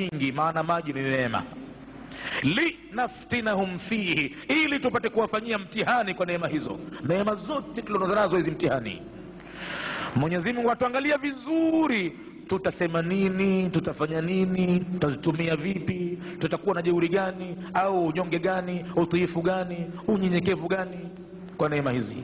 nyingi, maana maji ni neema. naftinahum fihi, ili tupate kuwafanyia mtihani kwa neema hizo. Neema zote tulizonazo nazo hizi mtihani. Mwenyezi Mungu atuangalia vizuri, tutasema nini? Tutafanya nini? Tutazitumia vipi? Tutakuwa na jeuri gani au unyonge gani? Utiifu gani? Unyenyekevu gani kwa neema hizi?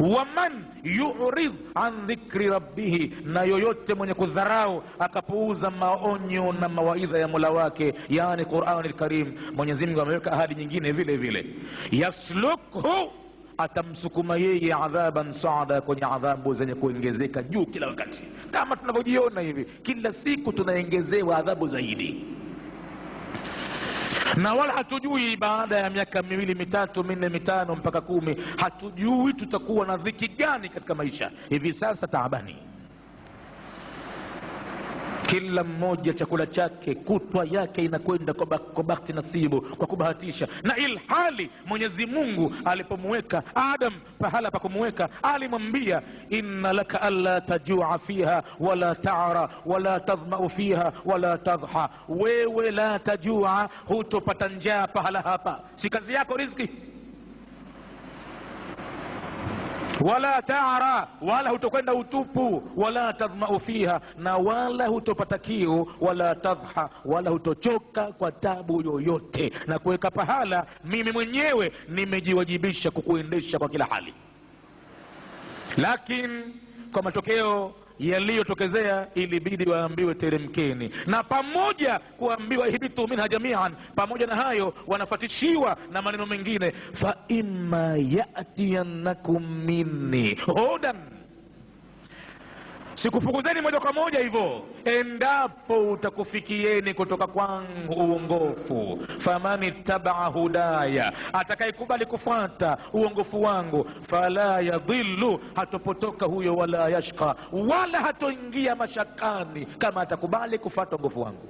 waman yurid an dhikri rabbihi, na yoyote mwenye kudharau akapuuza maonyo na mawaidha ya mola wake, yani Qurani Lkarim. Mwenyezi Mungu ameweka ahadi nyingine vile vile, yaslukhu atamsukuma yeye adhaban sada, kwenye adhabu zenye kuongezeka juu kila wakati, kama tunavyojiona hivi, kila siku tunaongezewa adhabu zaidi na wala hatujui baada ya miaka miwili mitatu minne mitano mpaka kumi hatujui tutakuwa na dhiki gani katika maisha hivi sasa taabani kila mmoja chakula chake kutwa yake inakwenda kwa, kwa bahati nasibu, kwa kubahatisha, na ilhali Mwenyezi Mungu alipomuweka Adam pahala pa kumuweka alimwambia, inna laka anla tajua fiha wala tara wala tadhmau fiha wala tadha, wewe la tajua, hutopata njaa pahala hapa, si kazi yako rizki wala taara, wala hutokwenda utupu, wala tadhmau fiha, na wala hutopata kiu, wala tadhha, wala hutochoka kwa tabu yoyote, na kuweka pahala, mimi mwenyewe nimejiwajibisha kukuendesha kwa kila hali, lakini kwa matokeo yaliyotokezea ilibidi waambiwe teremkeni, na pamoja kuambiwa ihbitu minha jamian, pamoja na hayo wanafatishiwa na maneno mengine, fa imma yatiyannakum minni hodan sikufukuzeni moja kwa moja hivyo, endapo utakufikieni kutoka kwangu uongofu. famani tabaa hudaya, atakayekubali kufuata uongofu wangu, fala yadhillu, hatopotoka huyo, wala yashka wala hatoingia mashakani, kama atakubali kufuata uongofu wangu.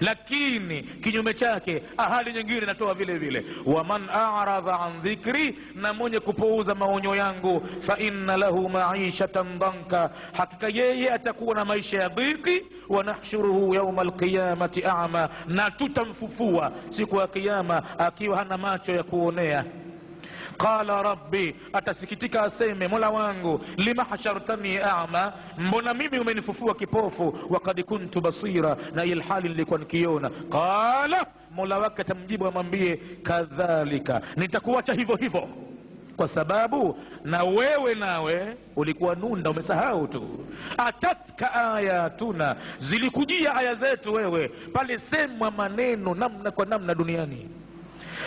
Lakini kinyume chake, ahadi nyingine inatoa vile vile, waman aradha an dhikri, na mwenye kupuuza maonyo yangu, fa inna lahu maishatan danka hakika yeye atakuwa na maisha ya dhiki. Wa nahshuruhu yauma alqiyamati ama, na tutamfufua siku ya Kiyama akiwa hana macho ya kuonea qala rabbi, atasikitika aseme mola wangu, lima hashartani ama, mbona mimi umenifufua kipofu, wakad kuntu basira, na ilhali nilikuwa nikiona. Qala, mola wake atamjibu amwambie, kadhalika, nitakuacha hivyo hivyo kwa sababu na wewe nawe ulikuwa nunda, umesahau tu. Atatka ayatuna, zilikujia aya zetu wewe, pale semwa maneno namna kwa namna duniani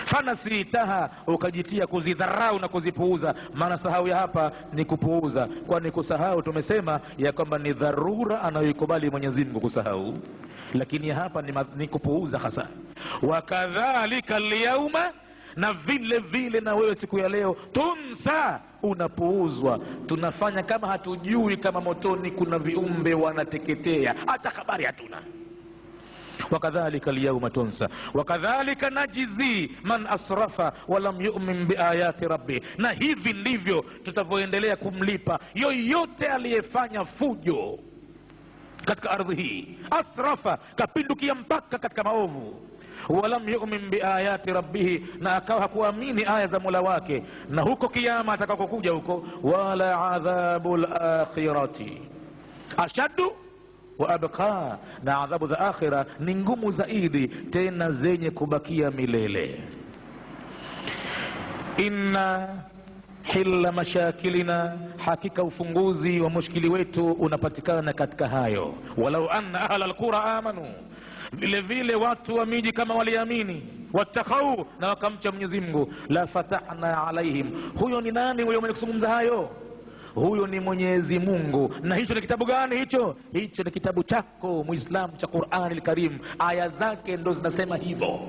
fanasitaha, ukajitia kuzidharau na kuzipuuza. Maana sahau ya hapa ni kupuuza, kwani kusahau tumesema ya kwamba ni dharura anayoikubali mwenyezimgu kusahau, lakini ya hapa ni, ni kupuuza hasa. Wakadhalika lyauma na vile vile na wewe siku ya leo tunsa, unapuuzwa. Tunafanya kama hatujui kama motoni kuna viumbe wanateketea, hata habari hatuna wakadhalika lyauma tunsa wakadhalika najizi man asrafa walam yumin biayati rabbi, na hivi ndivyo tutavyoendelea kumlipa yoyote aliyefanya fujo katika ardhi hii. Asrafa, kapindukia mpaka katika maovu walam yumin biayati rabbihi, na akawa hakuamini aya za mola wake, na huko kiama atakakokuja huko, wala adhabu lakhirati ashaddu wa abqa, na adhabu za akhira ni ngumu zaidi tena zenye kubakia milele. Inna hilla mashakilina, hakika ufunguzi wa mushkili wetu unapatikana katika hayo. Walau anna ahla alqura amanu, vile vile watu wa miji kama waliamini, wattaqau, na wakamcha Mwenyezi Mungu, la fatahna alaihim. Huyo ni nani huyo mwenye kuzungumza hayo? huyo ni Mwenyezi Mungu. Na hicho ni kitabu gani hicho? Hicho ni kitabu chako Muislamu cha qurani lkarim aya zake ndo zinasema hivyo.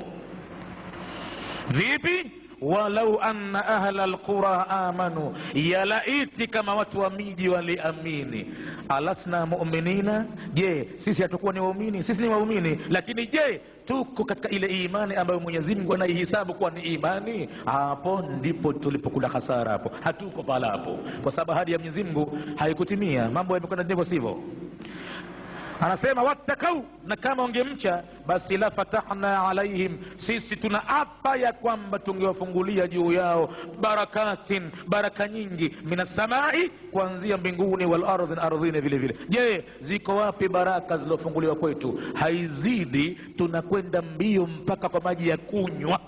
Vipi? walau anna ahla alqura amanu, yalaiti kama watu wa miji waliamini. Alasna muminina, je sisi hatukuwa ni waumini? Sisi ni waumini, lakini je tuko katika ile imani ambayo Mwenyezi Mungu anaihisabu kuwa ni imani? Hapo ndipo tulipokula hasara, hapo hatuko pala hapo, kwa sababu hadi ya Mwenyezi Mungu haikutimia, mambo yamekwenda ndivyo sivyo anasema wattakau, na kama wangemcha basi la fatahna alaihim, sisi tuna apa ya kwamba tungewafungulia juu yao barakatin, baraka nyingi, minasamai, kuanzia mbinguni, wal ardhi na ardhini vile vile. Je, ziko wapi baraka zilizofunguliwa kwetu? Haizidi, tunakwenda mbio mpaka kwa maji ya kunywa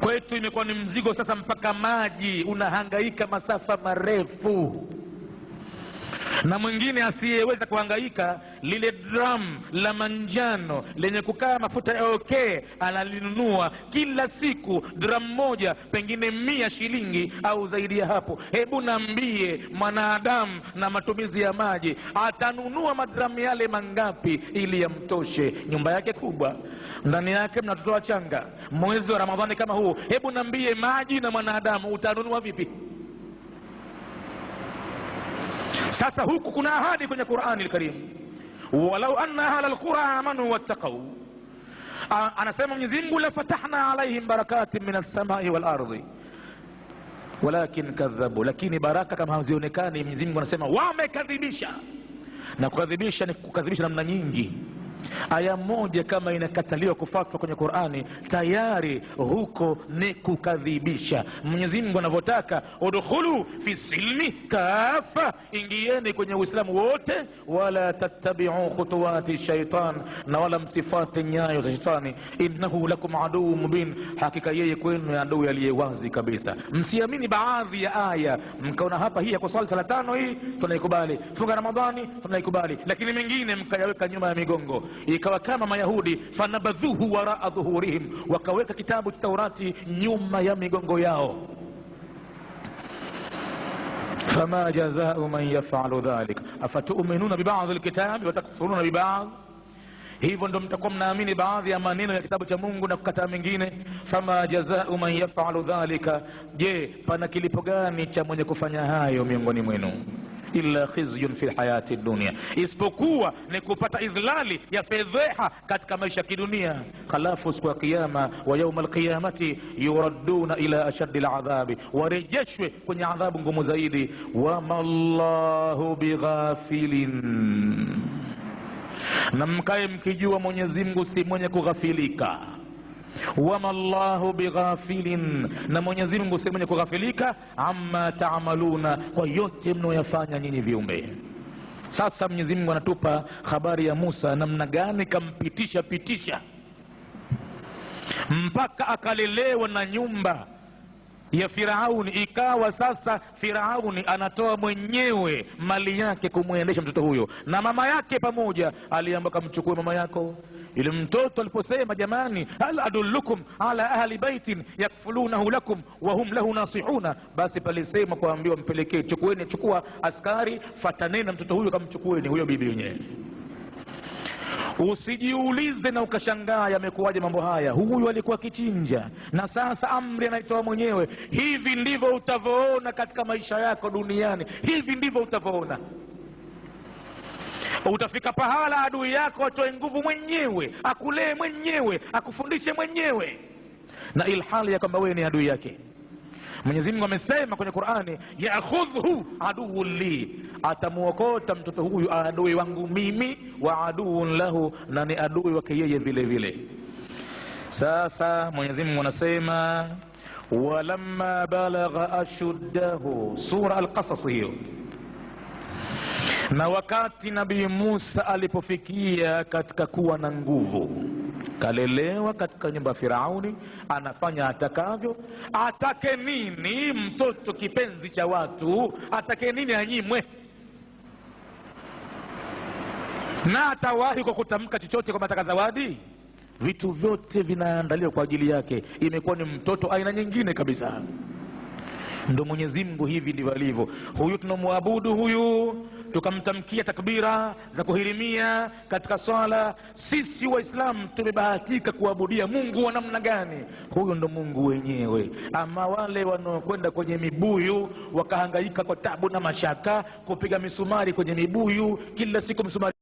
kwetu imekuwa ni mzigo sasa, mpaka maji unahangaika masafa marefu na mwingine asiyeweza kuhangaika, lile dramu la manjano lenye kukaa mafuta ya okay, analinunua kila siku dramu moja, pengine mia shilingi au zaidi ya hapo. Hebu nambie mwanadamu na matumizi ya maji, atanunua madramu yale mangapi ili yamtoshe? Nyumba yake kubwa, ndani yake mnatotoa changa Mwezi wa Ramadhani kama huu, hebu nambie maji na mwanadamu utanunua vipi? sasa huku kuna ahadi kwenye qurani lkarimu walau anna ahla lqura amanu wattaqau anasema mwenyezimngu lafatahna alaihim barakatin min alsamai walardhi walakin kadhabu lakini baraka kama hazionekani mwenyezimngu anasema wamekadhibisha na kukadhibisha ni kukadhibisha namna nyingi Aya moja kama inakataliwa kufatwa kwenye Qur'ani, tayari huko ni kukadhibisha Mwenyezi Mungu anavyotaka, udkhulu fi silmi kafa, ingieni kwenye Uislamu wote, wala tattabi'u khutuwati shaitan, na wala msifate nyayo za shaitani, innahu lakum aduwwun mubin, hakika yeye kwenu adui aliye wazi kabisa. Msiamini baadhi ya aya mkaona hapa, hii ya kusali sala hii tunaikubali, funga Ramadhani tunaikubali, lakini mengine mkayaweka nyuma ya migongo. ikawa kama mayahudi fanabadhuhu waraa dhuhurihim wakaweka kitabu cha taurati nyuma ya migongo yao فما جزاء من يفعل ذلك افتؤمنون ببعض الكتاب وتكفرون ببعض hivyo ndo mtakuwa mnaamini baadhi ya maneno ya kitabu cha mungu na kukataa mengine fama jazau man yafalu dhalika je pana kilipo gani cha mwenye kufanya hayo miongoni mwenu illa khizyun fi lhayati dunia isipokuwa ni kupata idhlali ya fedheha katika maisha ya kidunia Khalafu siku ya kiyama wa yauma alqiyamati yuradduna ila ashaddi ladhabi warejeshwe kwenye adhabu ngumu zaidi wama llahu bighafilin na mkae mkijua mwenyezi mungu si mwenye kughafilika wama llahu bighafilin, na Mwenyezi Mungu si mwenye kughafilika, amma taamaluna, kwa yote mnaoyafanya nyinyi viumbe. Sasa Mwenyezi Mungu anatupa habari ya Musa, namna gani kampitisha pitisha mpaka akalelewa na nyumba ya Firauni, ikawa sasa Firauni anatoa mwenyewe mali yake kumwendesha mtoto huyo, na mama yake pamoja aliamba, kamchukue mama yako ili mtoto aliposema jamani, hal adullukum ala ahli baitin yakfulunahu lakum wa hum lahu nasihuna, basi palisema kwaambiwa mpelekee, chukueni, chukua askari, fataneni na mtoto huyu, kamchukueni huyo bibi yenyewe. Usijiulize na ukashangaa yamekuwaje mambo haya. Huyu alikuwa kichinja na sasa amri anaitoa mwenyewe. Hivi ndivyo utavyoona katika maisha yako duniani, hivi ndivyo utavyoona. utafika pahala adui yako atoe nguvu mwenyewe akulee mwenyewe akufundishe mwenyewe na ilhali ya kwamba wewe ni adui yake mwenyezi mungu amesema kwenye qurani yakhudhhu aduu li atamuokota mtoto huyu adui wangu mimi wa aduun lahu na ni adui wake yeye vile vile sasa mwenyezi mungu anasema walamma balagha ashuddahu sura alqasas hiyo Na wakati Nabii Musa alipofikia katika kuwa na nguvu, kalelewa katika nyumba ya Firauni, anafanya atakavyo. Atake nini mtoto kipenzi cha watu? Atake nini anyimwe? Na atawahi kwa kutamka chochote kwamba ataka zawadi? Vitu vyote vinaandaliwa kwa ajili yake. Imekuwa ni mtoto aina nyingine kabisa. Ndo Mwenyezi hivi ndivyo alivyo. Huyu tunamwabudu huyu, tukamtamkia takbira za kuhirimia katika swala. Sisi Waislamu tumebahatika kuabudia Mungu wa namna gani? Huyu ndo Mungu wenyewe. Ama wale wanaokwenda kwenye mibuyu wakahangaika kwa tabu na mashaka kupiga misumari kwenye mibuyu kila siku misumari